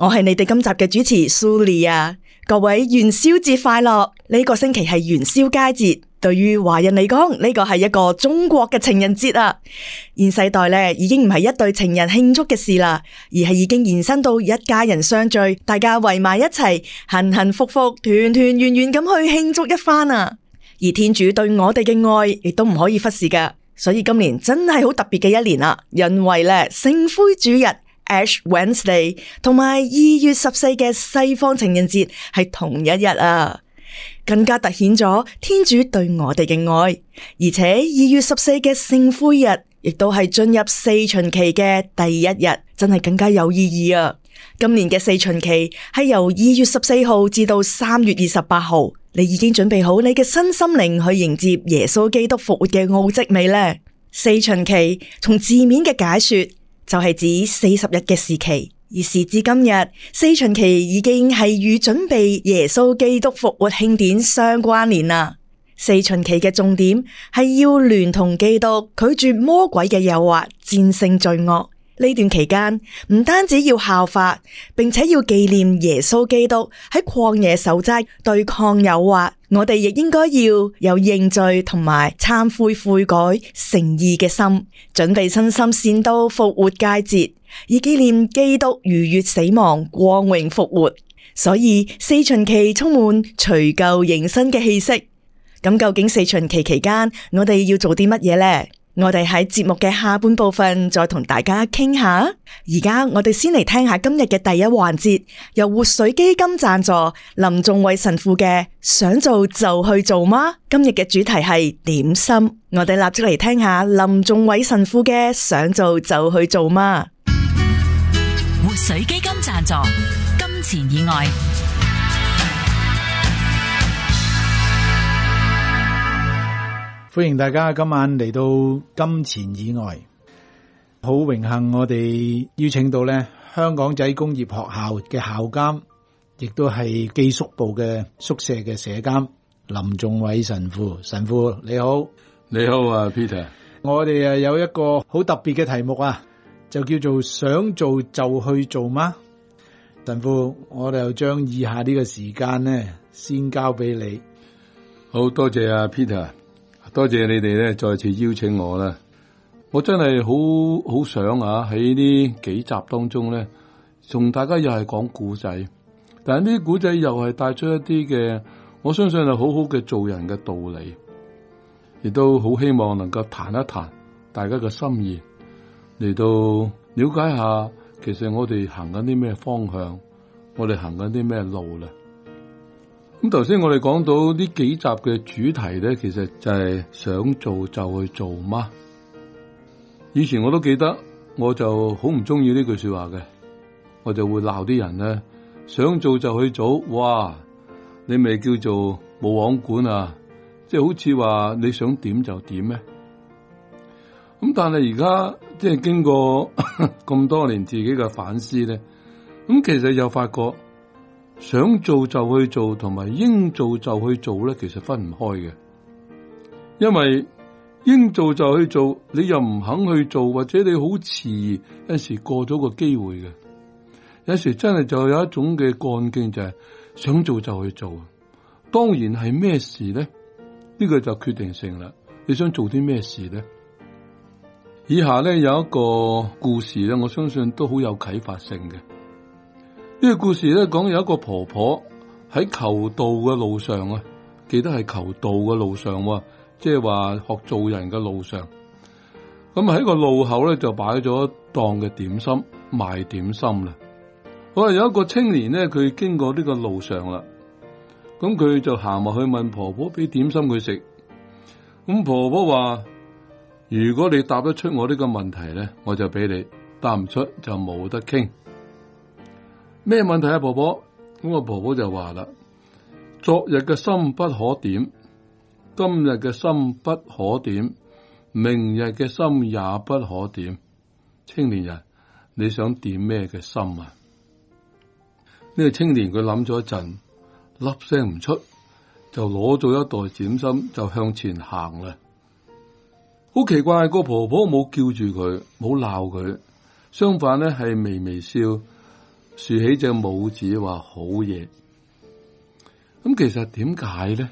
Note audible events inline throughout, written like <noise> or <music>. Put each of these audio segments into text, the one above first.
我係你哋今集嘅主持蘇麗啊！各位元宵節快樂！呢個星期係元宵佳節，對於華人嚟講，呢個係一個中國嘅情人節啊！現世代咧已經唔係一對情人慶祝嘅事啦，而係已經延伸到一家人相聚，大家圍埋一齊，幸幸福福、團團圓圓咁去慶祝一番啊！而天主對我哋嘅愛亦都唔可以忽視噶，所以今年真係好特別嘅一年啦，因為咧聖灰主日。Ash Wednesday 同埋二月十四嘅西方情人節係同一日啊，更加凸顯咗天主對我哋嘅愛。而且二月十四嘅聖灰日亦都係進入四旬期嘅第一日，真係更加有意義啊！今年嘅四旬期係由二月十四號至到三月二十八號，你已經準備好你嘅新心靈去迎接耶穌基督復活嘅奧迹未呢。四旬期從字面嘅解說。就係指四十日嘅時期，而時至今日，四旬期已經係與準備耶穌基督復活慶典相關聯啦。四旬期嘅重點係要聯同基督拒絕魔鬼嘅誘惑，戰勝罪惡。呢段期間唔單止要效法，並且要紀念耶穌基督喺曠野守齋對抗誘惑。我哋亦應該要有認罪同埋懺悔悔改誠意嘅心，準備身心善度復活佳節，以紀念基督逾越死亡、光榮復活。所以四旬期充滿除舊迎新嘅氣息。咁究竟四旬期期間我哋要做啲乜嘢咧？我哋喺節目嘅下半部分再同大家傾下，而家我哋先嚟聽下今日嘅第一環節，由活水基金贊助林仲偉神父嘅想做就去做嗎？今日嘅主題係點心，我哋立即嚟聽下林仲偉神父嘅想做就去做嗎？活水基金贊助，金錢以外。歡迎大家今晚嚟到金錢以外，好榮幸我哋邀請到咧香港仔工業學校嘅校監，亦都係寄宿部嘅宿舍嘅舍監林仲偉神父。神父你好，你好啊 Peter。我哋啊有一個好特別嘅題目啊，就叫做想做就去做嗎？神父，我哋又將以下呢個時間咧，先交俾你。好多謝啊 Peter。多謝你哋咧，再次邀請我啦！我真係好好想啊，喺呢幾集當中咧，同大家又係講古仔，但係呢古仔又係帶出一啲嘅，我相信係好好嘅做人嘅道理，亦都好希望能夠談一談大家嘅心意，嚟到了解下，其實我哋行緊啲咩方向，我哋行緊啲咩路咧。咁頭先我哋講到呢幾集嘅主題咧，其實就係想做就去做嘛。以前我都記得，我就好唔中意呢句說話嘅，我就會鬧啲人咧，想做就去做，哇！你咪叫做冇王管啊，即係好似話你想點就點咩？咁但係而家即係經過咁 <laughs> 多年自己嘅反思咧，咁其實又發覺。想做就去做，同埋應做就去做咧，其實分唔開嘅。因為應做就去做，你又唔肯去做，或者你好遲，有時過咗個機會嘅。有時真係就有一種嘅幹勁，就係想做就去做。當然係咩事咧？呢個就決定性啦。你想做啲咩事咧？以下咧有一個故事咧，我相信都好有啟發性嘅。呢個故事咧講，有一個婆婆喺求道嘅路上啊，記得係求道嘅路上，即係話學做人嘅路上。咁喺個路口咧就擺咗一檔嘅點心，賣點心啦。我話有一個青年咧，佢經過呢個路上啦，咁佢就行入去問婆婆俾點心佢食。咁婆婆話：如果你答得出我呢個問題咧，我就俾你答；答唔出就冇得傾。咩問題啊，婆婆？咁個婆婆就話啦：昨日嘅心不可點，今日嘅心不可點，明日嘅心也不可點。青年人，你想點咩嘅心啊？呢、這個青年佢諗咗一陣，粒聲唔出，就攞咗一袋點心就向前行啦。好奇怪，個婆婆冇叫住佢，冇鬧佢，相反咧係微微笑。豎起隻拇指話好嘢，咁其實點解咧？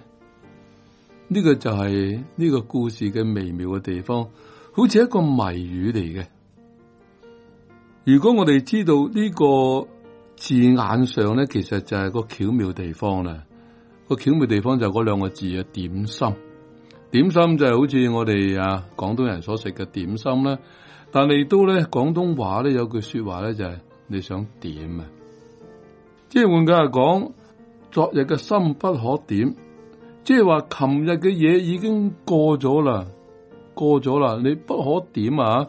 呢個就係呢個故事嘅微妙嘅地方，好似一個謎語嚟嘅。如果我哋知道呢個字眼上咧，其實就係個巧妙地方啦。個巧妙地方就係嗰兩個字嘅點心，點心就係好似我哋啊廣東人所食嘅點心啦。但係都咧廣東話咧有句說話咧就係、是。你想點啊？即係換句話講，昨日嘅心不可點，即係話琴日嘅嘢已經過咗啦，過咗啦，你不可點啊！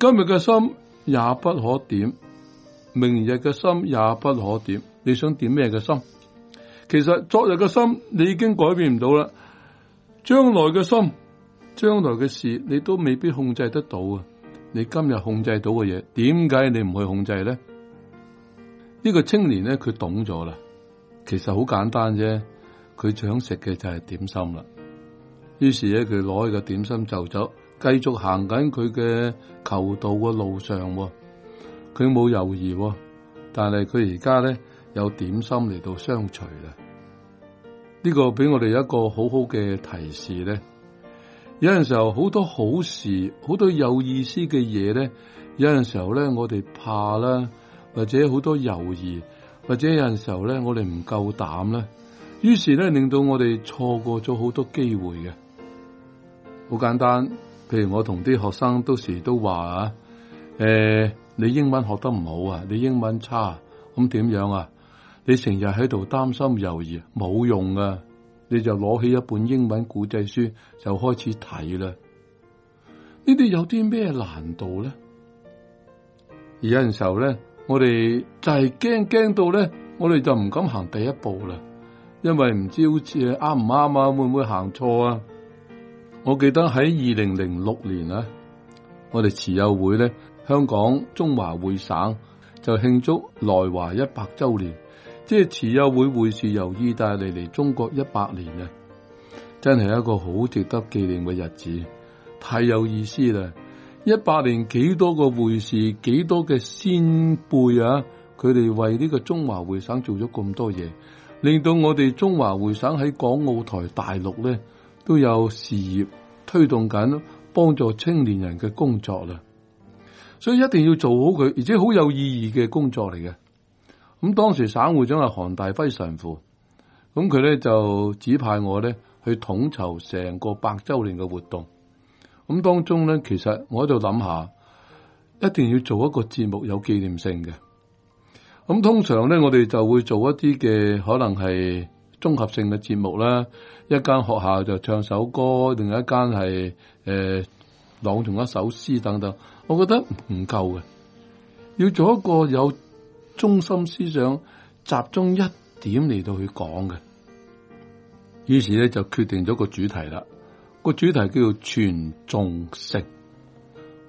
今日嘅心也不可點，明日嘅心也不可點。你想點咩嘅心？其實昨日嘅心你已經改變唔到啦，將來嘅心，將來嘅事你都未必控制得到啊！你今日控制到嘅嘢，點解你唔去控制咧？呢、這個青年咧，佢懂咗啦。其實好簡單啫，佢想食嘅就係點心啦。於是咧，佢攞起個點心就走，繼續行緊佢嘅求道嘅路上。佢、哦、冇猶豫，哦、但係佢而家咧有點心嚟到相隨啦。呢、這個俾我哋一個好好嘅提示咧。有陣時候好多好事，好多有意思嘅嘢咧，有陣時候咧我哋怕啦，或者好多猶豫，或者有陣時候咧我哋唔夠膽啦。於是咧令到我哋錯過咗好多機會嘅。好簡單，譬如我同啲學生到時都話啊，誒，你英文學得唔好啊，你英文差，咁點樣啊？你成日喺度擔心猶豫，冇用噶。你就攞起一本英文古仔書就開始睇啦，呢啲有啲咩難度咧？而有陣時候咧，我哋就係驚，驚到咧，我哋就唔敢行第一步啦，因為唔知好似啱唔啱啊，會唔會行錯啊？我記得喺二零零六年啊，我哋慈幼會咧，香港中華會省就慶祝來華一百周年。即係慈幼會會士由意大利嚟中國一百年啊，真係一個好值得紀念嘅日子，太有意思啦！一百年幾多個會士，幾多嘅先輩啊，佢哋為呢個中華會省做咗咁多嘢，令到我哋中華會省喺港澳台、大陸咧都有事業推動緊，幫助青年人嘅工作啦。所以一定要做好佢，而且好有意義嘅工作嚟嘅。咁當時省會長係韓大輝神父，咁佢呢就指派我呢去統籌成個百周年嘅活動，咁當中呢，其實我喺度諗下，一定要做一個節目有紀念性嘅。咁通常呢，我哋就會做一啲嘅，可能係綜合性嘅節目啦。一間學校就唱首歌，另一間係誒、呃、朗誦一首詩等等。我覺得唔夠嘅，要做一個有中心思想集中一點嚟到去講嘅，於是咧就決定咗個主題啦。個主題叫做傳眾成，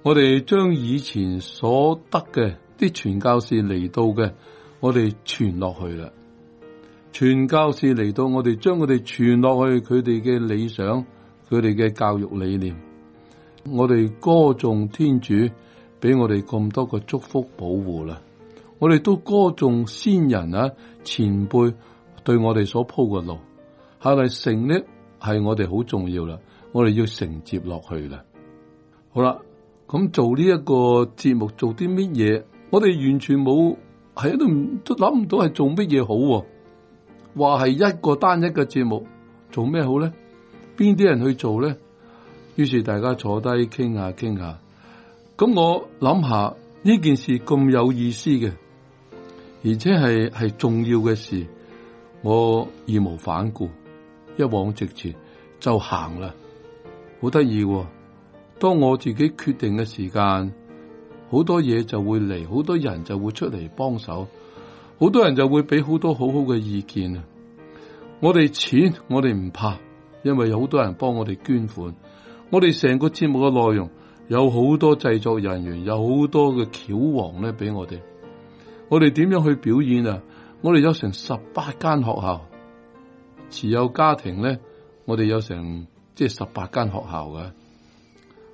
我哋將以前所得嘅啲傳教士嚟到嘅，我哋傳落去啦。傳教士嚟到，我哋將佢哋傳落去，佢哋嘅理想，佢哋嘅教育理念，我哋歌頌天主俾我哋咁多個祝福保護啦。我哋都歌頌先人啊、前輩對我哋所鋪嘅路，後來成呢係我哋好重要啦，我哋要承接落去啦。好啦，咁做呢一個節目做啲乜嘢？我哋完全冇喺度都諗唔到係做乜嘢好啊。話係一個單一嘅節目做咩好咧？邊啲人去做咧？於是大家坐低傾下傾下，咁我諗下呢件事咁有意思嘅。而且係係重要嘅事，我義無反顧，一往直前就行啦。好得意喎！當我自己決定嘅時間，好多嘢就會嚟，好多人就會出嚟幫手，好多人就會俾好多好好嘅意見啊！我哋錢，我哋唔怕，因為有好多人幫我哋捐款。我哋成個節目嘅內容有好多製作人員，有好多嘅橋王咧，俾我哋。我哋點樣去表演啊？我哋有成十八間學校，持有家庭咧，我哋有成即係十八間學校嘅。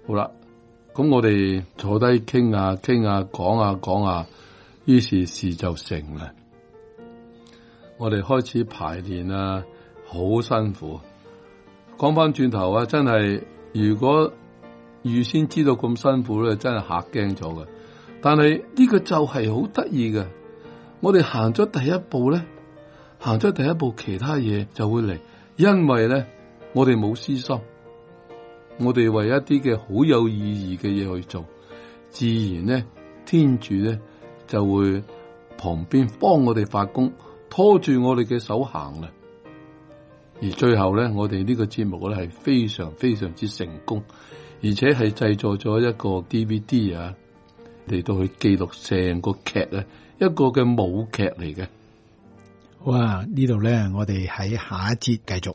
好啦，咁我哋坐低傾下，傾下講下，講下，於是事就成啦。我哋開始排練啊，好辛苦。講翻轉頭啊，真係如果預先知道咁辛苦咧，真係吓驚咗嘅。但係呢個就係好得意嘅，我哋行咗第一步咧，行咗第一步，其他嘢就會嚟，因為咧我哋冇私心，我哋為一啲嘅好有意義嘅嘢去做，自然咧天主咧就會旁邊幫我哋發功，拖住我哋嘅手行啦。而最後咧，我哋呢個節目咧係非常非常之成功，而且係製作咗一個 DVD 啊。嚟到去記錄成個劇咧，一個嘅舞劇嚟嘅。好啊，呢度咧，我哋喺下一節繼續。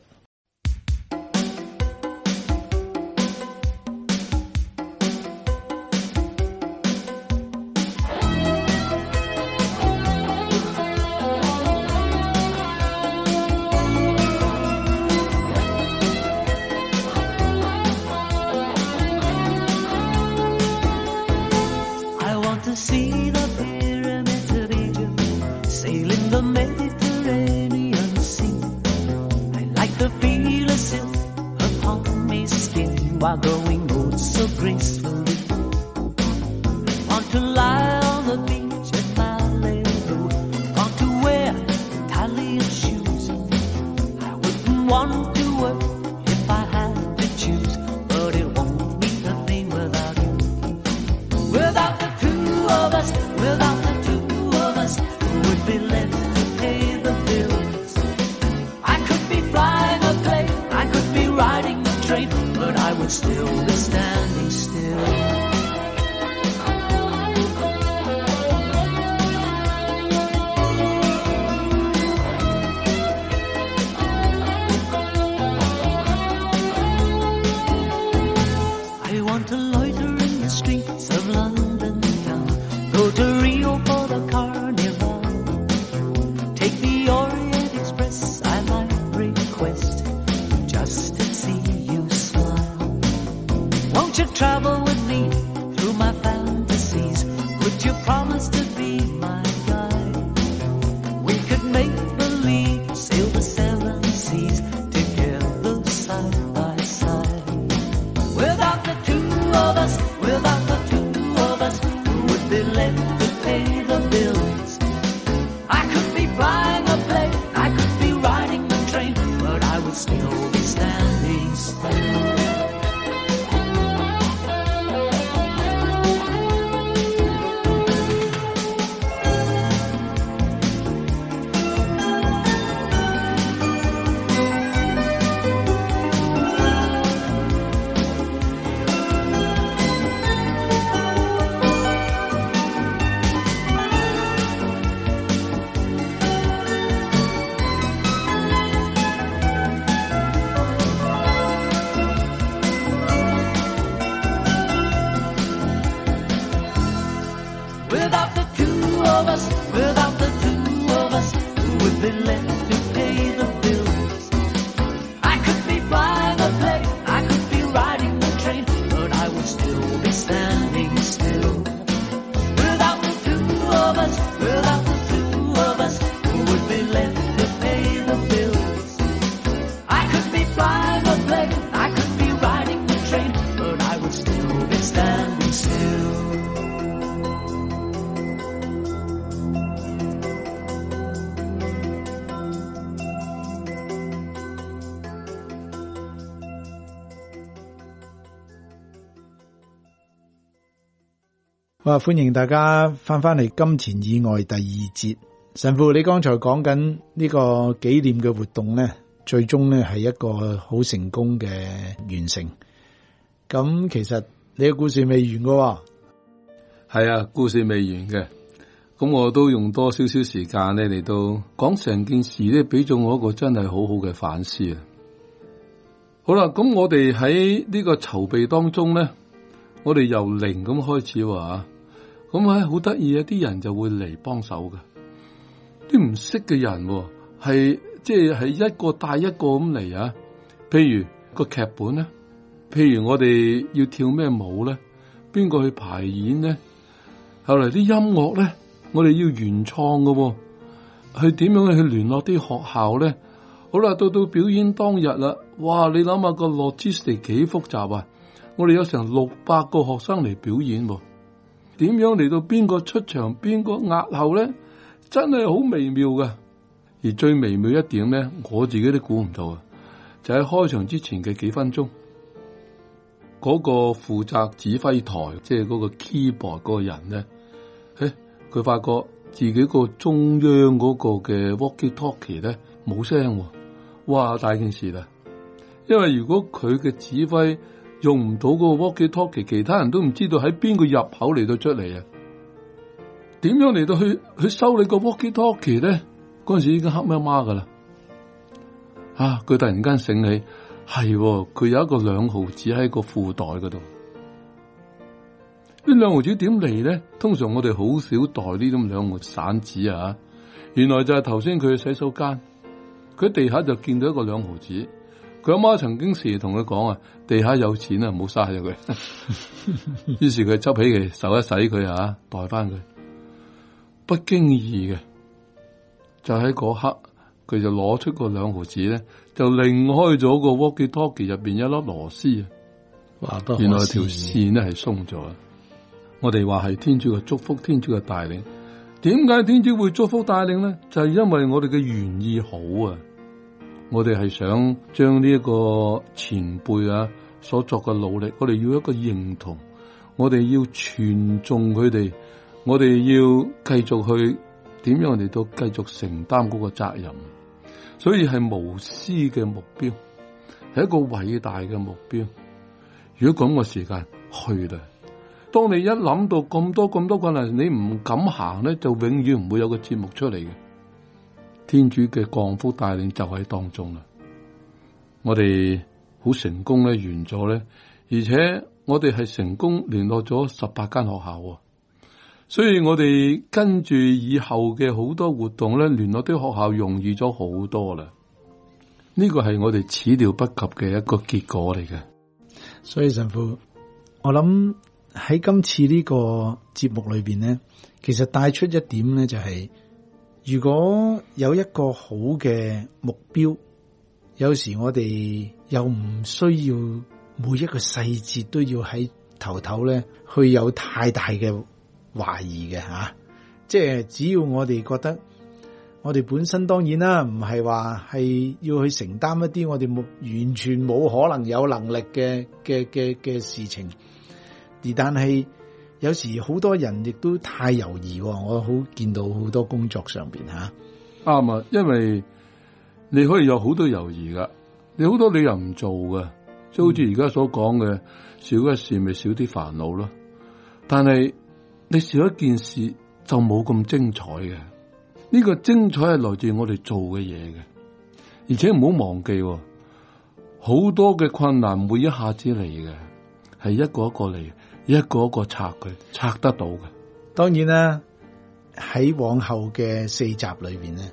我歡迎大家翻返嚟金錢以外第二節，神父你剛才講緊呢個紀念嘅活動咧，最終咧係一個好成功嘅完成。咁其實你嘅故事未完噶？係啊，故事未完嘅。咁我都用多少少時間咧嚟到講成件事咧，俾咗我一個真係好好嘅反思啊。好啦，咁我哋喺呢個籌備當中咧，我哋由零咁開始話。咁咧好得意啊！啲人就會嚟幫手嘅，啲唔識嘅人喎、哦，係即係一個帶一個咁嚟啊！譬如、個劇本咧，譬如我哋要跳咩舞咧，邊個去排演咧？後來啲音樂咧，我哋要原創嘅、哦，係點樣去聯絡啲學校咧？好啦，到到表演當日啦，哇！你諗下個 logistics 幾複雜啊！我哋有成六百個學生嚟表演、哦。點樣嚟到邊個出場，邊個壓後咧？真係好微妙噶，而最微妙一點咧，我自己都估唔到啊！就喺開場之前嘅幾分鐘，嗰個負責指揮台，即係嗰個 keyboard 嗰個人咧，誒、哎，佢發覺自己個中央嗰個嘅 walkie talkie 咧冇聲，哇，大件事啦！因為如果佢嘅指揮用唔到嗰個 walkie talkie，其他人都唔知道喺邊個入口嚟到出嚟啊？點樣嚟到去去收你個 walkie talkie 咧？嗰陣時已經黑媽麻噶啦，啊！佢突然間醒起，係佢、啊、有一個兩毫子喺個褲袋嗰度。子呢兩毫子點嚟咧？通常我哋好少袋呢種兩毫散紙啊，原來就係頭先佢去洗手間，佢地下就見到一個兩毫子。佢阿媽曾經時同佢講啊，地下有錢啊，唔好嘥咗佢。於 <laughs> 是佢執起佢手一洗佢啊，袋翻佢。不經意嘅，就喺嗰刻佢就攞出個兩毫紙咧，就擰開咗個 walkie talkie 入邊一粒螺絲啊，原來條線咧係鬆咗。啊。我哋話係天主嘅祝福，天主嘅帶領。點解天主會祝福帶領咧？就係、是、因為我哋嘅原意好啊。我哋係想將呢一個前輩啊所作嘅努力，我哋要一個認同，我哋要傳頌佢哋，我哋要繼續去點樣，我哋都繼續承擔嗰個責任。所以係無私嘅目標，係一個偉大嘅目標。如果講個時間去啦，當你一諗到咁多咁多困難，你唔敢行咧，就永遠唔會有個節目出嚟嘅。天主嘅降福帶領就喺當中啦，我哋好成功咧，完咗咧，而且我哋係成功聯絡咗十八間學校啊，所以我哋跟住以後嘅好多活動咧，聯絡啲學校容易咗好多啦。呢個係我哋始料不及嘅一個結果嚟嘅。所以神父，我諗喺今次呢個節目裏邊咧，其實帶出一點咧就係、是。如果有一個好嘅目標，有時我哋又唔需要每一個細節都要喺頭頭咧去有太大嘅懷疑嘅吓、啊，即係只要我哋覺得，我哋本身當然啦，唔係話係要去承擔一啲我哋冇完全冇可能有能力嘅嘅嘅嘅事情，而但係。有時好多人亦都太猶豫，我好見到好多工作上面吓。啱啊，因為你可以有好多猶豫噶，你好多理由唔做噶，即係好似而家所講嘅，少嘅、嗯、事咪少啲煩惱咯。但係你少一件事就冇咁精彩嘅，呢、這個精彩係來自我哋做嘅嘢嘅，而且唔好忘記、哦，好多嘅困難會一下子嚟嘅，係一個一個嚟。一個一個拆佢，拆得到嘅。當然啦，喺往後嘅四集裏邊咧，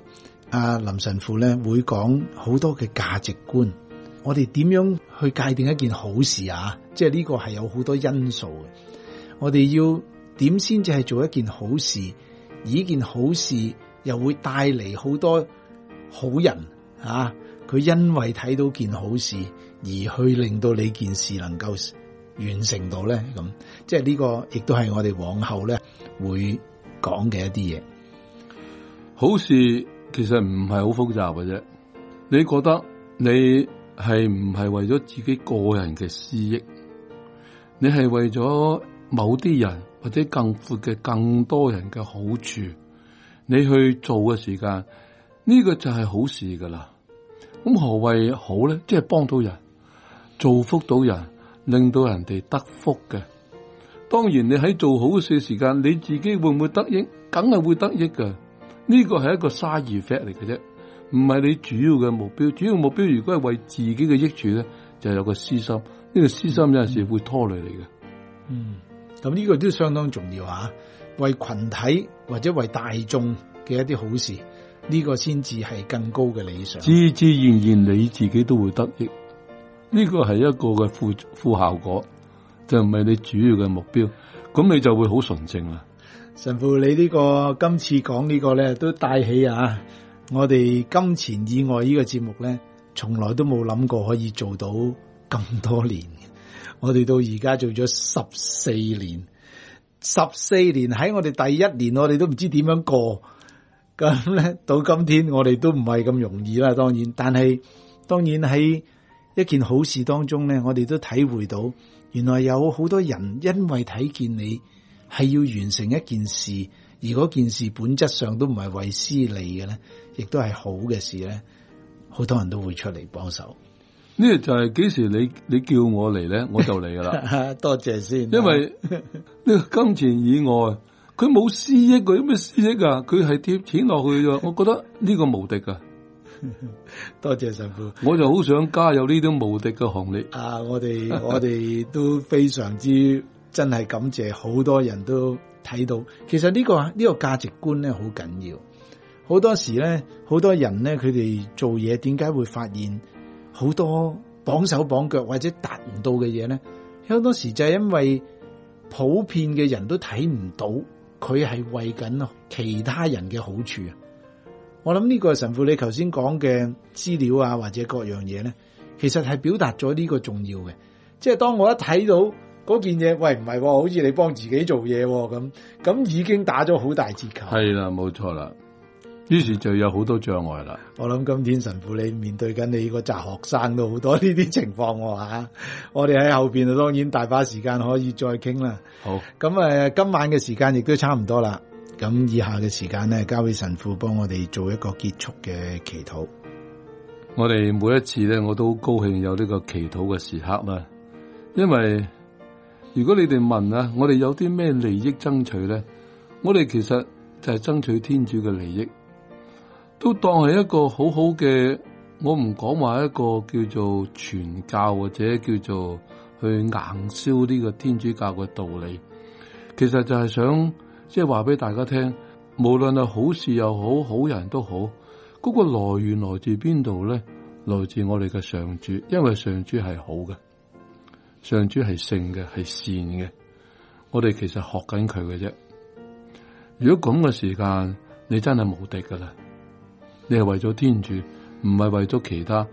阿林神父咧會講好多嘅價值觀。我哋點樣去界定一件好事啊？即係呢個係有好多因素嘅。我哋要點先至係做一件好事？而件好事又會帶嚟好多好人啊？佢因為睇到件好事，而去令到你件事能夠。完成到咧，咁，即係呢個亦都係我哋往後咧會講嘅一啲嘢。好事其實唔係好複雜嘅啫，你覺得你係唔係為咗自己個人嘅私益？你係為咗某啲人或者更闊嘅更多人嘅好處，你去做嘅時間，呢個就係好事噶啦。咁何謂好咧？即係幫到人，造福到人。令到人哋得福嘅。當然你喺做好事嘅時間，你自己會唔會得益？梗係會得益嘅。呢、這個係一個 side effect 嚟嘅啫，唔係你主要嘅目標。主要目標如果係為自己嘅益處咧，就是，有個私心。呢、這個私心有陣時會拖累你嘅，嗯。嗯、咁、這、呢個都相當重要啊！為群體或者為大眾嘅一啲好事，呢、這個先至係更高嘅理想。自自然然，你自己都會得益。呢個係一個嘅副副效果，就唔係你主要嘅目標，咁你就會好純淨啦。神父，你呢個今次講個呢個咧，都帶起啊！我哋金錢以外呢個節目咧，從來都冇諗過可以做到咁多年。我哋到而家做咗十四年，十四年喺我哋第一年，我哋都唔知點樣過，咁咧到今天我哋都唔係咁容易啦。當然，但係當然喺。一件好事當中咧，我哋都體會到，原來有好多人因為睇見你係要完成一件事，而果件事本質上都唔係為私利嘅咧，亦都係好嘅事咧，好多人都會出嚟幫手。呢就係幾時你你叫我嚟咧，我就嚟噶啦。 <laughs> 多謝先，因為呢個 <laughs> 金錢以外，佢冇私益，佢有咩私益啊？佢係貼錢落去咋？我覺得呢個無敵噶。 <laughs> 多謝神父，我就好想加入呢啲無敵嘅行列。 <laughs> 啊，我哋我哋都非常之真係感謝好多人都睇到。其實呢個呢個價值觀咧好緊要。好多時咧，好多人咧，佢哋做嘢點解會發現好多綁手綁腳或者達唔到嘅嘢咧？好多時就係因為普遍嘅人都睇唔到，佢係為緊其他人嘅好處。我諗呢個係神父你頭先講嘅資料啊，或者各樣嘢咧，其實係表達咗呢個重要嘅。即係當我一睇到嗰件嘢，喂，唔係、哦，好似你幫自己做嘢咁、哦，咁已經打咗好大折扣。係啦，冇錯啦。於是就有好多障礙啦、嗯。我諗今天神父你面對緊你個集學生都好多呢啲情況吓、哦啊。我哋喺後邊啊，當然大把時間可以再傾啦。好，咁誒、呃，今晚嘅時間亦都差唔多啦。咁以下嘅時間咧，交俾神父幫我哋做一個結束嘅祈禱。我哋每一次咧，我都好高興有呢個祈禱嘅時刻啦。因為如果你哋問啊，我哋有啲咩利益爭取咧，我哋其實就係爭取天主嘅利益，都當係一個好好嘅。我唔講話一個叫做傳教或者叫做去硬銷呢個天主教嘅道理，其實就係想。即係話，俾大家聽，無論係好事又好，好人都好，嗰、那個來源來自邊度咧？來自我哋嘅上主，因為上主係好嘅，上主係聖嘅，係善嘅。我哋其實學緊佢嘅啫。如果咁嘅時間，你真係無敵噶啦！你係為咗天主，唔係為咗其他。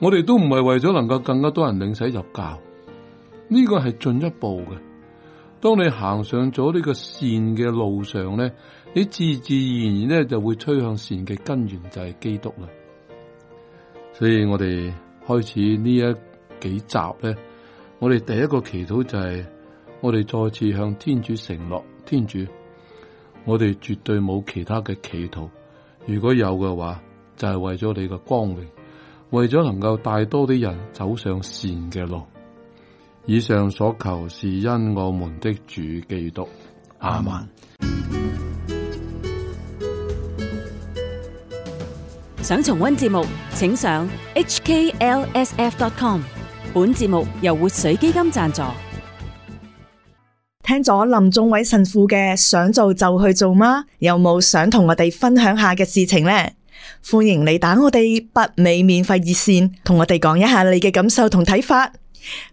我哋都唔係為咗能夠更加多人領洗入教，呢、這個係進一步嘅。當你行上咗呢個善嘅路上咧，你自自然然咧就會趨向善嘅根源，就係基督啦。所以我哋開始呢一幾集咧，我哋第一個祈禱就係我哋再次向天主承諾，天主，我哋絕對冇其他嘅祈禱，如果有嘅話，就係為咗你嘅光榮，為咗能夠帶多啲人走上善嘅路。以上所求是因我們的主基督，阿們。Amen。想重溫節目，請上 hklsf.com。本節目由活水基金贊助。聽咗林仲偉神父嘅想做就去做嗎？有冇想同我哋分享下嘅事情呢？歡迎你打我哋北美免費熱線，同我哋講一下你嘅感受同睇法。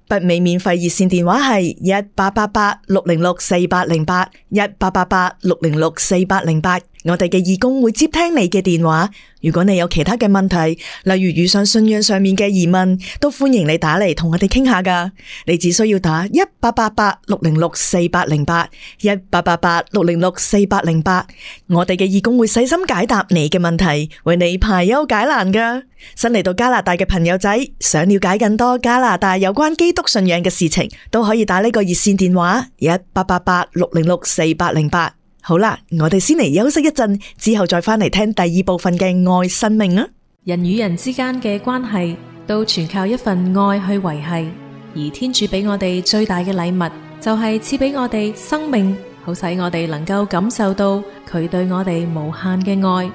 北美免費熱線電話係一八八八六零六四八零八一八八八六零六四八零八。我哋嘅義工會接聽你嘅電話。如果你有其他嘅問題，例如遇上信仰上面嘅疑問，都歡迎你打嚟同我哋傾下噶。你只需要打一八八八六零六四八零八一八八八六零六四八零八。我哋嘅義工會細心解答你嘅問題，為你排憂解難噶。新嚟到加拿大嘅朋友仔，想了解更多加拿大有關基督信仰嘅事情，都可以打呢個熱線電話一八八八六零六四八零八。好啦，我哋先嚟休息一陣，之後再翻嚟聽第二部分嘅愛生命啊。人與人之間嘅關係，都全靠一份愛去維繫。而天主俾我哋最大嘅禮物，就係賜俾我哋生命，好使我哋能夠感受到佢對我哋無限嘅愛。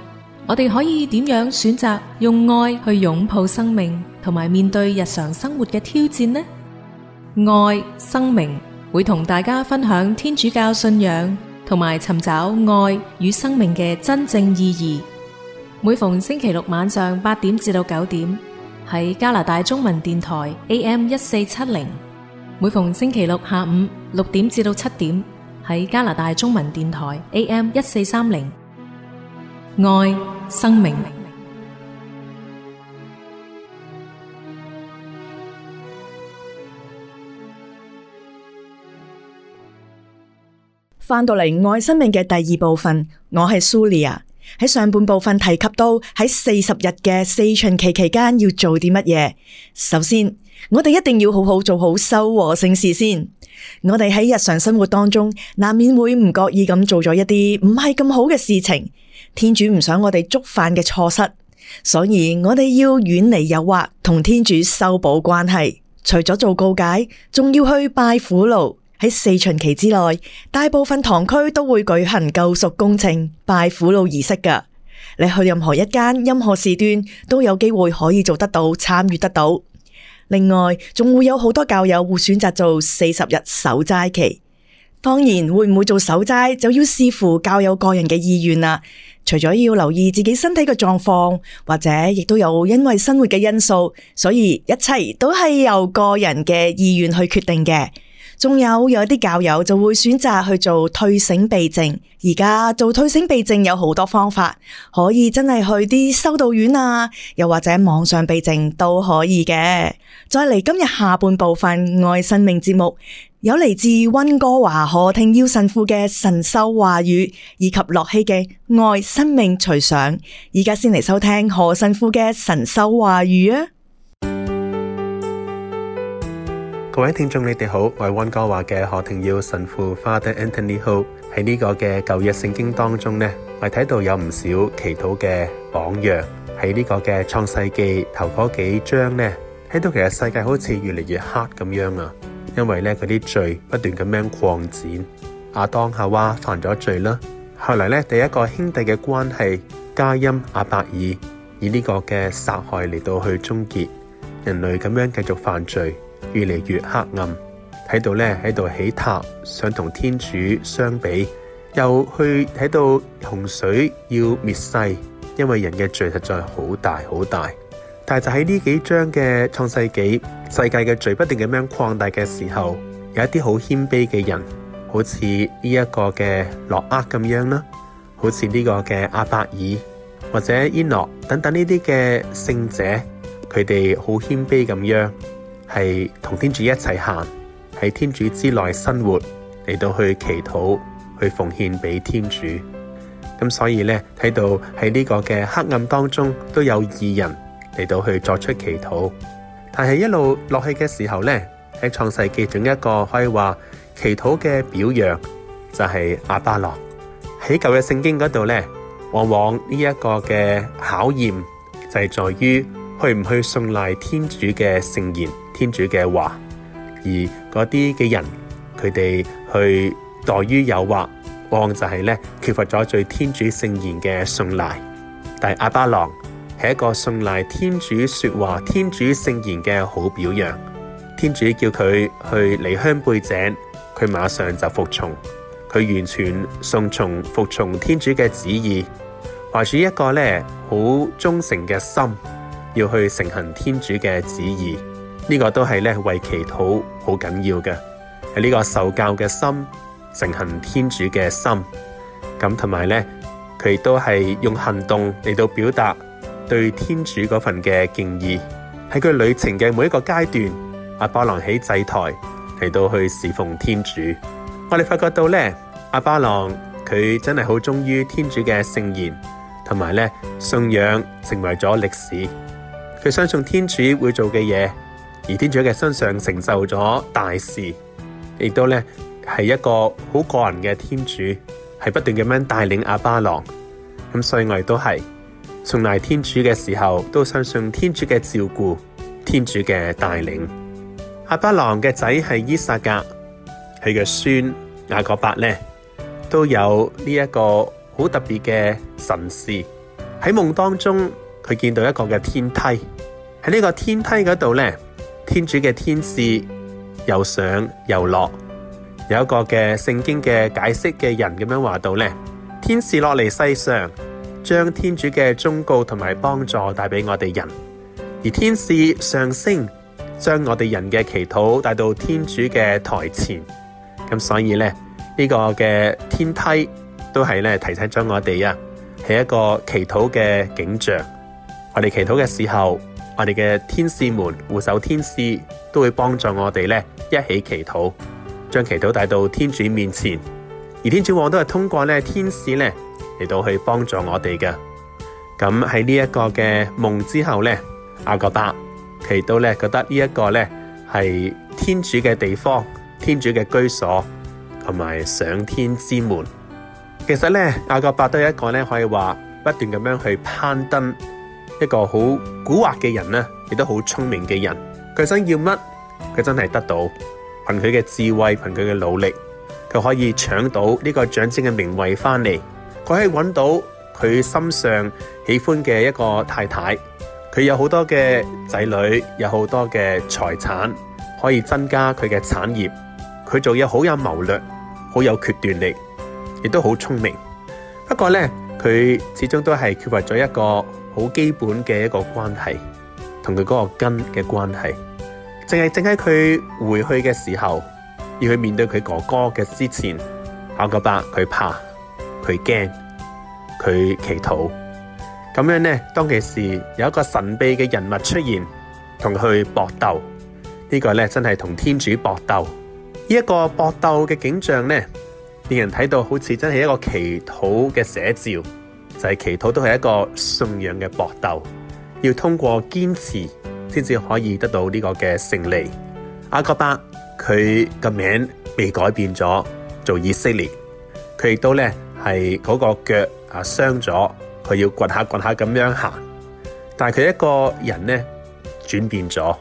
我哋可以點樣選擇用愛去擁抱生命，同埋面對日常生活嘅挑戰呢？愛生命會同大家分享天主教信仰。同埋尋找愛與生命嘅真正意義。每逢星期六晚上八點至到九點，喺加拿大中文電台 AM 一四七零；每逢星期六下午六點至到七點，喺加拿大中文電台 AM 一四三零。愛生命。翻到嚟，愛生命嘅第二部分，我係蘇利亞。喺上半部分提及到喺四十日嘅四旬期期間要做啲乜嘢。首先，我哋一定要好好做好修和聖事先。我哋喺日常生活當中難免會唔覺意咁做咗一啲唔係咁好嘅事情，天主唔想我哋觸犯嘅錯失，所以我哋要遠離誘惑，同天主修補關係。除咗做告解，仲要去拜苦路。喺四旬期之內，大部分堂區都會舉行救贖工程、拜苦路儀式噶。你去任何一間、任何時段，都有機會可以做得到、參與得到。另外，仲會有好多教友會選擇做四十日守齋期。當然，會唔會做守齋，就要視乎教友個人嘅意願啦。除咗要留意自己身體嘅狀況，或者亦都有因為生活嘅因素，所以一切都係由個人嘅意願去決定嘅。仲有有啲教友就會選擇去做退省避靜，而家做退省避靜有好多方法，可以真係去啲修道院啊，又或者網上避靜都可以嘅。再嚟今日下半部分愛生命節目，有嚟自溫哥華何挺耀神父嘅神修話語，以及駱曦嘅愛生命隨想。而家先嚟收聽何神父嘅神修話語啊！各位聽眾，你哋好。我係溫哥華嘅何庭耀神父，Father Anthony Ho，喺呢個嘅舊約聖經當中咧，我睇到有唔少祈禱嘅榜樣。喺呢個嘅創世紀頭嗰幾章咧，睇到其實世界好似越嚟越黑咁樣啊，因為咧嗰啲罪不斷咁樣擴展。亞當夏娃犯咗罪啦，後嚟咧第一個兄弟嘅關係，加音亞伯爾以呢個嘅殺害嚟到去終結人類，咁樣繼續犯罪。越嚟越黑暗，睇到咧，喺度起塔，想同天主相比，又去睇到洪水要滅世，因為人嘅罪實在好大好大。但係就喺呢幾章嘅創世紀，世界嘅罪不斷咁樣擴大嘅時候，有一啲好謙卑嘅人，好似呢一個嘅諾厄咁樣啦，好似呢個嘅阿伯爾或者伊諾等等呢啲嘅聖者，佢哋好謙卑咁樣，係同天主一齊行，喺天主之內生活，嚟到去祈禱，去奉獻俾天主咁，所以呢，睇到喺呢個嘅黑暗當中都有義人嚟到去作出祈禱。但係一路落去嘅時候呢，喺創世記，仲一個可以話祈禱嘅表樣就係、是、亞巴郎喺舊嘅聖經嗰度呢，往往呢一個嘅考驗就係在於去唔去信賴天主嘅聖言。天主嘅話，而嗰啲嘅人，佢哋去墮於誘惑，往往就係咧缺乏咗對天主聖言嘅信賴。但阿巴郎係一個信賴天主説話、天主聖言嘅好表揚。天主叫佢去離鄉背井，佢馬上就服從，佢完全順從服從天主嘅旨意，懷住一個咧好忠誠嘅心，要去誠行天主嘅旨意。呢個都係呢為祈禱好緊要嘅，係呢個受教嘅心，誠懇天主嘅心。咁同埋呢，佢亦都係用行動嚟到表達對天主嗰份嘅敬意。喺佢旅程嘅每一個階段，阿巴郎喺祭台嚟到去侍奉天主。我哋發覺到呢，阿巴郎佢真係好忠於天主嘅聖言，同埋呢，信仰成為咗歷史。佢相信天主會做嘅嘢。而天主嘅身上承受咗大事，亦都咧係一個好個人嘅天主，係不斷咁樣帶領亞巴郎。咁所以我哋都係從來天主嘅時候，都相信天主嘅照顧，天主嘅帶領。亞巴郎嘅仔係依撒格，佢嘅孫雅各伯咧都有呢一個好特別嘅神視喺夢當中，佢見到一個嘅天梯，喺呢個天梯嗰度咧。天主嘅天使又上又落，有一個嘅聖經嘅解釋嘅人咁樣話到咧，天使落嚟世上，將天主嘅忠告同埋幫助帶俾我哋人；而天使上升，將我哋人嘅祈禱帶到天主嘅台前。咁所以咧，呢個嘅天梯都係咧提醒咗我哋啊，係一個祈禱嘅景象。我哋祈禱嘅時候，我哋嘅天使們、護守天使都會幫助我哋咧，一起祈禱，將祈禱帶到天主面前。而天主王都係通過咧天使咧嚟到去幫助我哋嘅。咁喺呢一個嘅夢之後咧，雅各伯祈都咧覺得呢一個咧係天主嘅地方、天主嘅居所同埋上天之門。其實咧，雅各伯都係一個咧可以話不斷咁樣去攀登。一個好古惑嘅人呢，亦都好聰明嘅人。佢想要乜，佢真係得到。憑佢嘅智慧，憑佢嘅努力，佢可以搶到呢個長子嘅名位翻嚟。佢可以揾到佢心上喜歡嘅一個太太。佢有好多嘅仔女，有好多嘅財產，可以增加佢嘅產業。佢做嘢好有謀略，好有決斷力，亦都好聰明。不過呢，佢始終都係缺乏咗一個。好基本嘅一個關係，同佢嗰個根嘅關係，淨係淨喺佢回去嘅時候，要去面對佢哥哥嘅之前，考哥伯佢怕佢驚佢祈禱，咁樣呢，當其時有一個神秘嘅人物出現，同佢去搏鬥，呢個呢，真係同天主搏鬥，呢一個搏鬥嘅景象呢，令人睇到好似真係一個祈禱嘅寫照。就係祈禱都係一個信仰嘅搏鬥，要通過堅持先至可以得到呢個嘅勝利。雅各伯，佢個名被改變咗，做以色列，佢亦都咧係嗰個腳啊傷咗，佢要掘下掘下咁樣行。但係佢一個人咧轉變咗，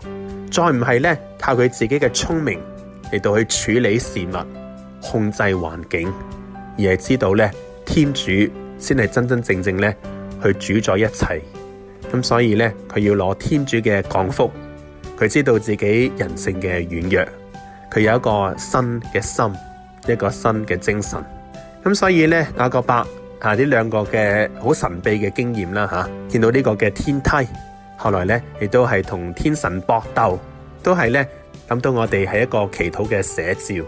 再唔係咧靠佢自己嘅聰明嚟到去處理事物、控制環境，而係知道咧天主。先係真真正正咧去主宰一切咁，所以咧佢要攞天主嘅降福，佢知道自己人性嘅軟弱，佢有一個新嘅心，一個新嘅精神咁，所以咧雅各伯啊，呢兩個嘅好神秘嘅經驗啦，吓、啊、見到呢個嘅天梯，後來咧亦都係同天神搏鬥，都係咧諗到我哋係一個祈禱嘅寫照，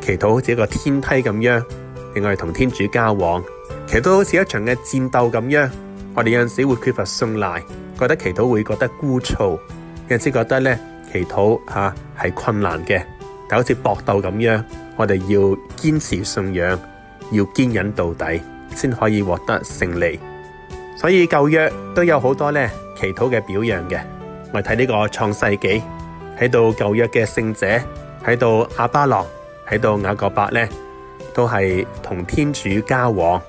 祈禱好似一個天梯咁樣，另外同天主交往。其實都好似一場嘅戰鬥咁樣，我哋有陣時會缺乏信賴，覺得祈禱會覺得枯燥，有陣時覺得呢祈禱吓係、啊、困難嘅。但好似搏鬥咁樣，我哋要堅持信仰，要堅忍到底，先可以獲得勝利。所以舊約都有好多呢祈禱嘅表揚嘅。我睇呢個創世紀喺度，舊約嘅聖者喺度，亞巴郎喺度，雅各伯呢，都係同天主交往。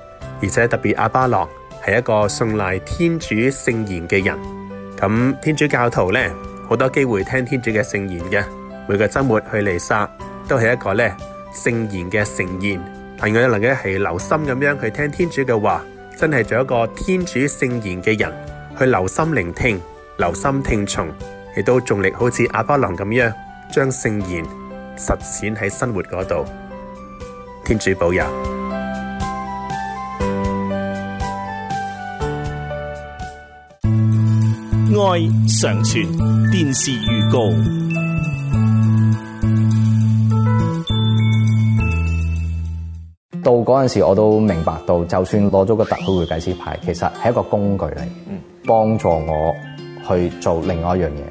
而且特別阿巴郎係一個信賴天主聖言嘅人，咁天主教徒呢，好多機會聽天主嘅聖言嘅，每個周末去彌撒都係一個呢聖言嘅呈現，朋友咧能夠一齊留心咁樣去聽天主嘅話，真係做一個天主聖言嘅人去留心聆聽、留心聽從，亦都盡力好似阿巴郎咁樣將聖言實踐喺生活嗰度。天主保佑。愛上傳電視預告。到嗰陣時，我都明白到，就算攞咗個特許會計師牌，其實係一個工具嚟，幫助我去做另外一樣嘢。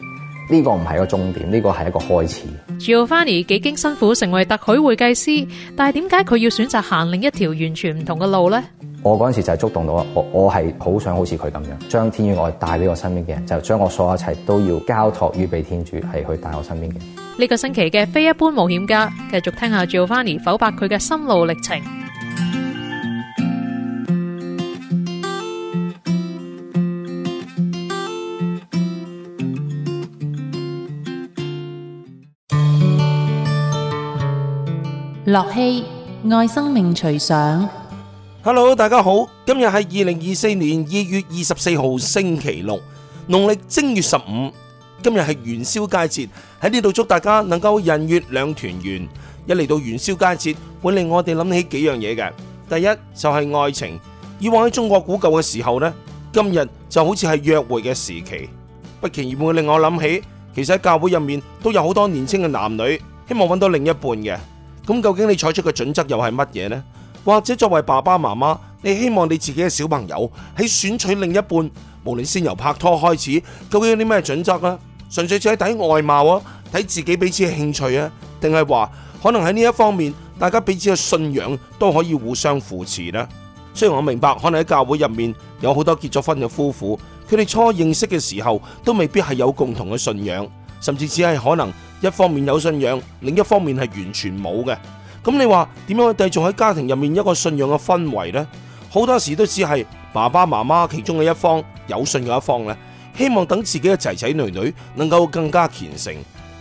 呢個唔係一個終點，呢個係一個開始。Joanny 幾經辛苦成為特許會計師，但係點解佢要選擇行另一條完全唔同嘅路咧？我嗰陣時就係觸動到我，我係好想好似佢咁樣，將天與愛帶俾我身邊嘅人，就將我所有一切都要交託於俾天主，係去帶我身邊嘅。呢個星期嘅非一般冒險家，繼續聽下趙花妮剖白佢嘅心路歷程。駱曦：愛生命隨想。Hello，大家好！今日係二零二四年二月二十四號，星期六，農曆正月十五。今日係元宵佳節，喺呢度祝大家能夠人月兩團圓。一嚟到元宵佳節，會令我哋諗起幾樣嘢嘅。第一就係愛情。以往喺中國古舊嘅時候呢，今日就好似係約會嘅時期，不期而會令我諗起，其實喺教會入面都有好多年輕嘅男女希望揾到另一半嘅。咁究竟你採取嘅準則又係乜嘢呢？或者作為爸爸媽媽，你希望你自己嘅小朋友喺選取另一半，無論先由拍拖開始，究竟有啲咩準則啊？純粹只係睇外貌啊，睇自己彼此嘅興趣啊，定係話可能喺呢一方面，大家彼此嘅信仰都可以互相扶持呢？雖然我明白，可能喺教會入面有好多結咗婚嘅夫婦，佢哋初認識嘅時候都未必係有共同嘅信仰，甚至只係可能一方面有信仰，另一方面係完全冇嘅。咁你話點樣去締造喺家庭入面一個信仰嘅氛圍呢？好多時都只係爸爸媽媽其中嘅一方，有信嘅一方呢，希望等自己嘅仔仔女女能夠更加虔誠。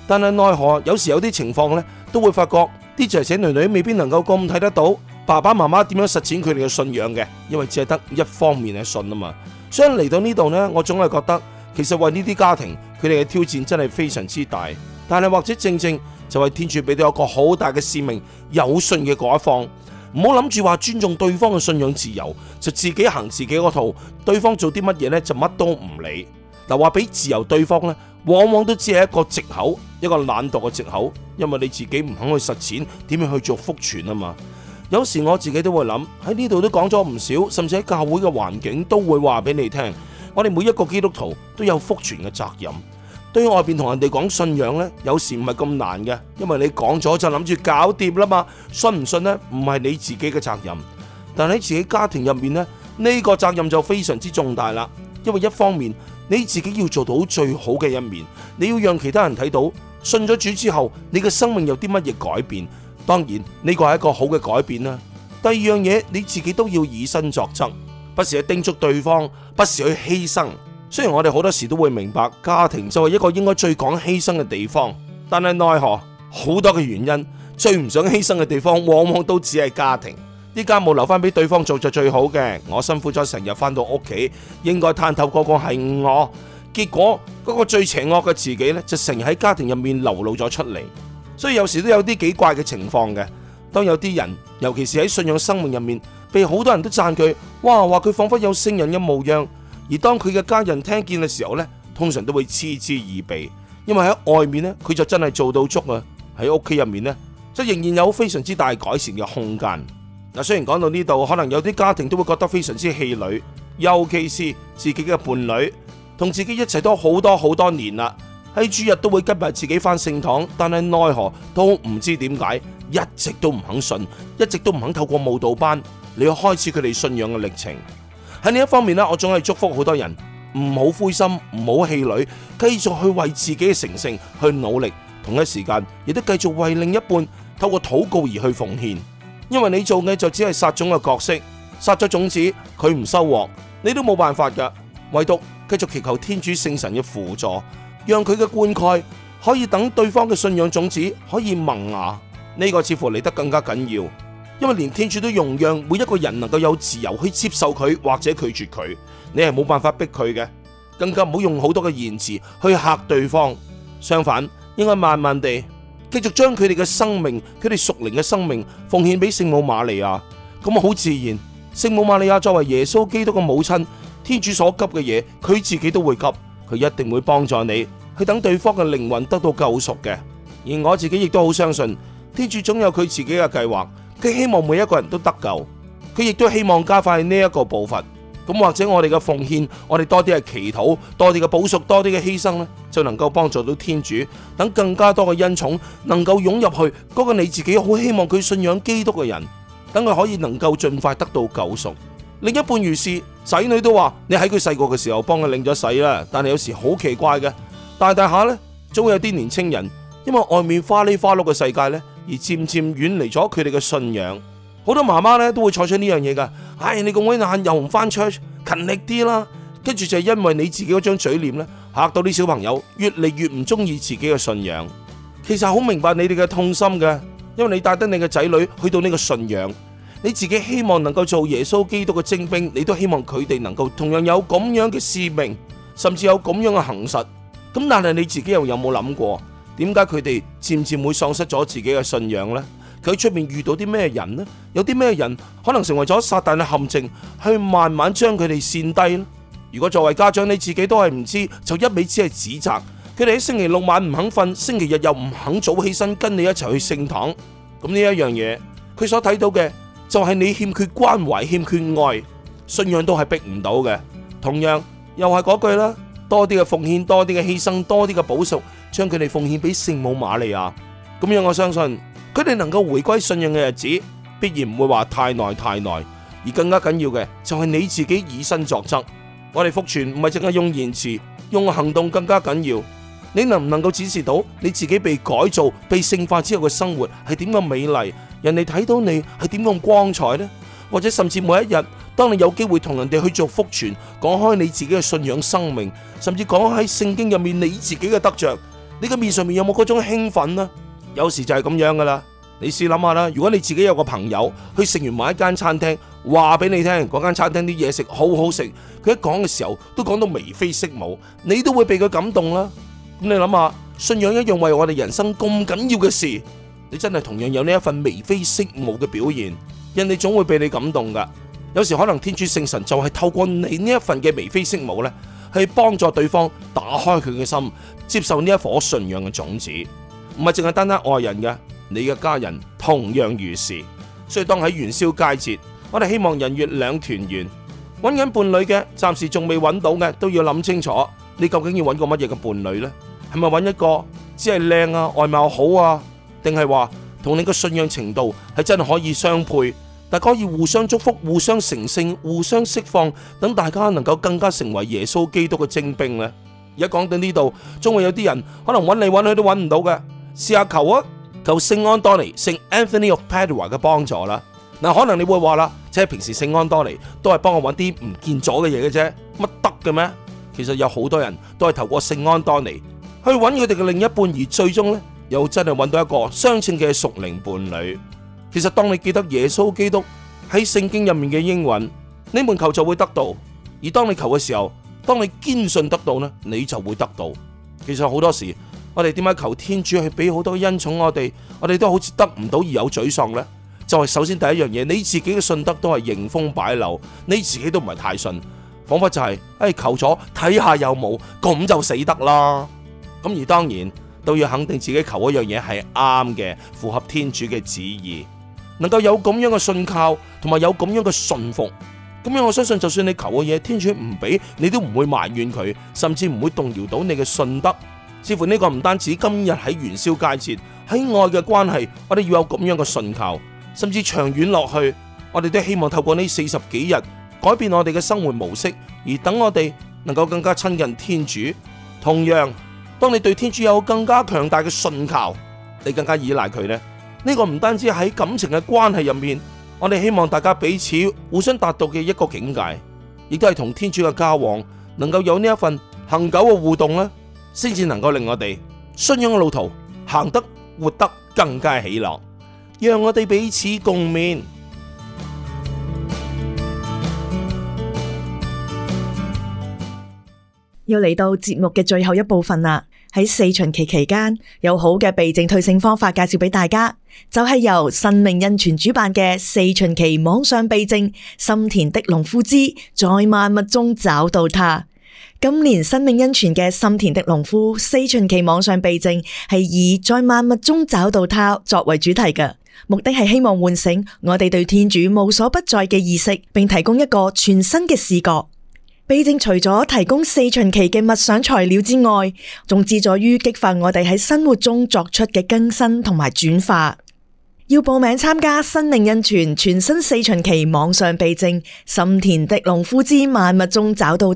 但係奈何有時有啲情況呢，都會發覺啲仔仔女女未必能夠咁睇得到爸爸媽媽點樣實踐佢哋嘅信仰嘅，因為只係得一方面嘅信啊嘛。所以嚟到呢度呢，我總係覺得其實為呢啲家庭，佢哋嘅挑戰真係非常之大。但係或者正正，就係天主俾到一個好大嘅使命，有信嘅嗰一方，唔好諗住話尊重對方嘅信仰自由，就自己行自己個套，對方做啲乜嘢呢，就乜都唔理。嗱，話俾自由對方呢，往往都只係一個借口，一個懶惰嘅借口，因為你自己唔肯去實踐，點樣去做福傳啊嘛？有時我自己都會諗，喺呢度都講咗唔少，甚至喺教會嘅環境都會話俾你聽，我哋每一個基督徒都有福傳嘅責任。對於外邊同人哋講信仰呢，有時唔係咁難嘅，因為你講咗就諗住搞掂啦嘛，信唔信呢，唔係你自己嘅責任。但喺自己家庭入面呢，呢個責任就非常之重大啦。因為一方面你自己要做到最好嘅一面，你要讓其他人睇到信咗主之後你嘅生命有啲乜嘢改變。當然呢個係一個好嘅改變啦。第二樣嘢你自己都要以身作則，不時去叮囑對方，不時去犧牲。雖然我哋好多時都會明白家庭就係一個應該最講犧牲嘅地方，但係奈何好多嘅原因，最唔想犧牲嘅地方往往都只係家庭。啲家務留翻俾對方做就最好嘅，我辛苦咗成日翻到屋企，應該探透嗰個係我，結果嗰個最邪惡嘅自己呢，就成日喺家庭入面流露咗出嚟。所以有時都有啲幾怪嘅情況嘅。當有啲人，尤其是喺信仰生命入面，被好多人都讚佢，哇話佢仿佛有聖人嘅模樣。而當佢嘅家人聽見嘅時候呢，通常都會嗤之以鼻，因為喺外面呢，佢就真係做到足啊！喺屋企入面呢，則仍然有非常之大改善嘅空間。嗱，雖然講到呢度，可能有啲家庭都會覺得非常之氣餒，尤其是自己嘅伴侶，同自己一齊都好多好多年啦，喺主日都會跟埋自己返聖堂，但係奈何都唔知點解，一直都唔肯信，一直都唔肯透過慕道班，嚟開始佢哋信仰嘅歷程。喺呢一方面咧，我總係祝福好多人唔好灰心，唔好氣餒，繼續去為自己嘅成聖去努力。同一時間，亦都繼續為另一半透過禱告而去奉獻，因為你做嘅就只係撒種嘅角色，撒咗種子佢唔收穫，你都冇辦法嘅，唯獨繼續祈求天主聖神嘅輔助，讓佢嘅灌溉可以等對方嘅信仰種子可以萌芽。呢、這個似乎嚟得更加緊要。因為連天主都容讓，每一個人能夠有自由去接受佢或者拒絕佢，你係冇辦法逼佢嘅。更加唔好用好多嘅言辭去嚇對方。相反，應該慢慢地繼續將佢哋嘅生命，佢哋屬靈嘅生命奉獻俾聖母瑪利亞。咁啊，好自然。聖母瑪利亞作為耶穌基督嘅母親，天主所急嘅嘢，佢自己都會急，佢一定會幫助你去等對方嘅靈魂得到救贖嘅。而我自己亦都好相信，天主總有佢自己嘅計劃。佢希望每一個人都得救，佢亦都希望加快呢一個步伐。咁或者我哋嘅奉獻，我哋多啲嘅祈禱，多啲嘅補贖，多啲嘅犧牲呢就能夠幫助到天主，等更加多嘅恩寵能夠湧入去嗰個你自己好希望佢信仰基督嘅人，等佢可以能夠盡快得到救贖。另一半如是，仔女都話你喺佢細個嘅時候幫佢領咗洗啦，但係有時好奇怪嘅，但係大大下呢，總會有啲年青人，因為外面花里花碌嘅世界呢。而漸漸遠離咗佢哋嘅信仰，好多媽媽咧都會採取呢樣嘢噶。唉，你咁鬼懶又唔翻 church，勤力啲啦。跟住就係因為你自己嗰張嘴臉咧，嚇到啲小朋友越嚟越唔中意自己嘅信仰。其實好明白你哋嘅痛心嘅，因為你帶得你嘅仔女去到呢個信仰，你自己希望能夠做耶穌基督嘅精兵，你都希望佢哋能夠同樣有咁樣嘅使命，甚至有咁樣嘅行實。咁但係你自己又有冇諗過？點解佢哋漸漸會喪失咗自己嘅信仰呢？佢喺出面遇到啲咩人呢？有啲咩人可能成為咗撒旦嘅陷阱，去慢慢將佢哋陷低呢？如果作為家長，你自己都係唔知，就一味只係指責佢哋喺星期六晚唔肯瞓，星期日又唔肯早起身，跟你一齊去聖堂。咁呢一樣嘢，佢所睇到嘅就係你欠缺關懷、欠缺愛，信仰都係逼唔到嘅。同樣又係嗰句啦，多啲嘅奉獻、多啲嘅犧牲、多啲嘅保守。將佢哋奉獻俾聖母瑪利亞，咁樣我相信佢哋能夠回歸信仰嘅日子，必然唔會話太耐太耐。而更加緊要嘅就係你自己以身作則。我哋復傳唔係淨係用言辭，用行動更加緊要。你能唔能夠展示到你自己被改造、被聖化之後嘅生活係點咁美麗？人哋睇到你係點咁光彩呢？或者甚至每一日，當你有機會同人哋去做復傳，講開你自己嘅信仰生命，甚至講喺聖經入面你自己嘅得着。你嘅面上面有冇嗰種興奮呢？有時就係咁樣噶啦。你試諗下啦，如果你自己有個朋友去食完某一間餐廳，話俾你聽嗰間餐廳啲嘢食好好食，佢一講嘅時候都講到眉飛色舞，你都會被佢感動啦。咁你諗下，信仰一樣為我哋人生咁緊要嘅事，你真係同樣有呢一份眉飛色舞嘅表現，人哋總會被你感動噶。有時可能天主聖神就係透過你呢一份嘅眉飛色舞呢，去幫助對方打開佢嘅心。接受呢一顆信仰嘅種子，唔係淨係單單愛人嘅，你嘅家人同樣如是。所以當喺元宵佳節，我哋希望人月兩團圓。揾緊伴侶嘅，暫時仲未揾到嘅，都要諗清楚，你究竟要揾個乜嘢嘅伴侶呢？係咪揾一個只係靚啊，外貌好啊？定係話同你嘅信仰程度係真係可以相配，大家可以互相祝福、互相成聖、互相釋放，等大家能夠更加成為耶穌基督嘅精兵呢？而家講到呢度，總會有啲人可能揾嚟，揾去都揾唔到嘅，試下求啊，求聖安多尼、聖 Anthony of Padua 嘅幫助啦。嗱，可能你會話啦，即係平時聖安多尼都係幫我揾啲唔見咗嘅嘢嘅啫，乜得嘅咩？其實有好多人都係透過聖安多尼去揾佢哋嘅另一半，而最終咧又真係揾到一個相稱嘅屬靈伴侶。其實當你記得耶穌基督喺聖經入面嘅應允，呢門求就會得到。而當你求嘅時候，當你堅信得到呢，你就會得到。其實好多時，我哋點解求天主去俾好多恩寵我哋，我哋都好似得唔到而有沮喪呢？就係、是、首先第一樣嘢，你自己嘅信德都係迎風擺柳，你自己都唔係太信，仿佛就係、是、誒、哎、求咗睇下有冇，咁就死得啦。咁而當然都要肯定自己求一樣嘢係啱嘅，符合天主嘅旨意，能夠有咁樣嘅信靠同埋有咁樣嘅信服。咁樣我相信，就算你求嘅嘢，天主唔俾，你都唔會埋怨佢，甚至唔會動搖到你嘅信德。似乎呢個唔單止今日喺元宵佳節，喺愛嘅關係，我哋要有咁樣嘅信求，甚至長遠落去，我哋都希望透過呢四十幾日改變我哋嘅生活模式，而等我哋能夠更加親近天主。同樣，當你對天主有更加強大嘅信求，你更加依賴佢呢。呢個唔單止喺感情嘅關係入面。我哋希望大家彼此互相達到嘅一個境界，亦都係同天主嘅交往，能夠有呢一份恒久嘅互動啦，先至能夠令我哋信仰嘅路途行得活得更加喜樂，讓我哋彼此共勉。要嚟到節目嘅最後一部分啦，喺四旬期期間有好嘅避靜退省方法介紹俾大家。就係由生命恩泉主辦嘅四旬期網上避靜，心田的農夫之在萬物中找到他。今年生命恩泉嘅心田的農夫四旬期網上避靜係以在萬物中找到他作為主題嘅，目的係希望喚醒我哋對天主無所不在嘅意識，並提供一個全新嘅視角。避靜除咗提供四旬期嘅默想材料之外，仲旨在於激發我哋喺生活中作出嘅更新同埋轉化。要報名參加生命恩泉全新四旬期網上避靜《心田的農夫》之萬物中找到祂》，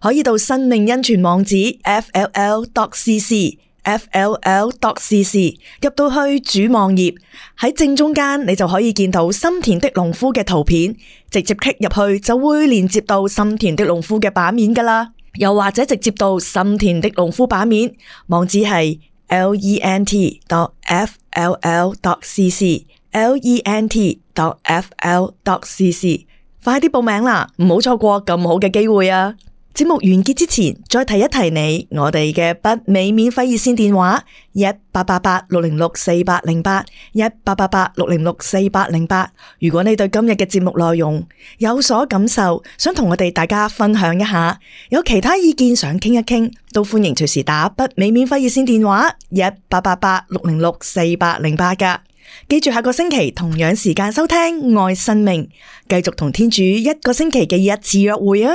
可以到生命恩泉網址 fll.cc fll.cc 入到去主網頁，喺正中間你就可以見到《心田的農夫》嘅圖片，直接 click 入去就會連接到《心田的農夫》嘅版面噶啦，又或者直接到《心田的農夫》版面，網址係 lent fll 點 cclent 點 fl 點 cc <noise> 快啲報名啦，唔好錯過咁好嘅機會啊節目完結之前，再提一提你，我哋嘅北美免費熱線電話一八八八六零六四八零八一八八八六零六四八零八。如果你對今日嘅節目內容有所感受，想同我哋大家分享一下，有其他意見想傾一傾，都歡迎隨時打北美免費熱線電話一八八八六零六四八零八㗎。記住下個星期同樣時間收聽愛生命，繼續同天主一個星期嘅一次約會啊！